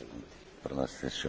Excelente. Para nós,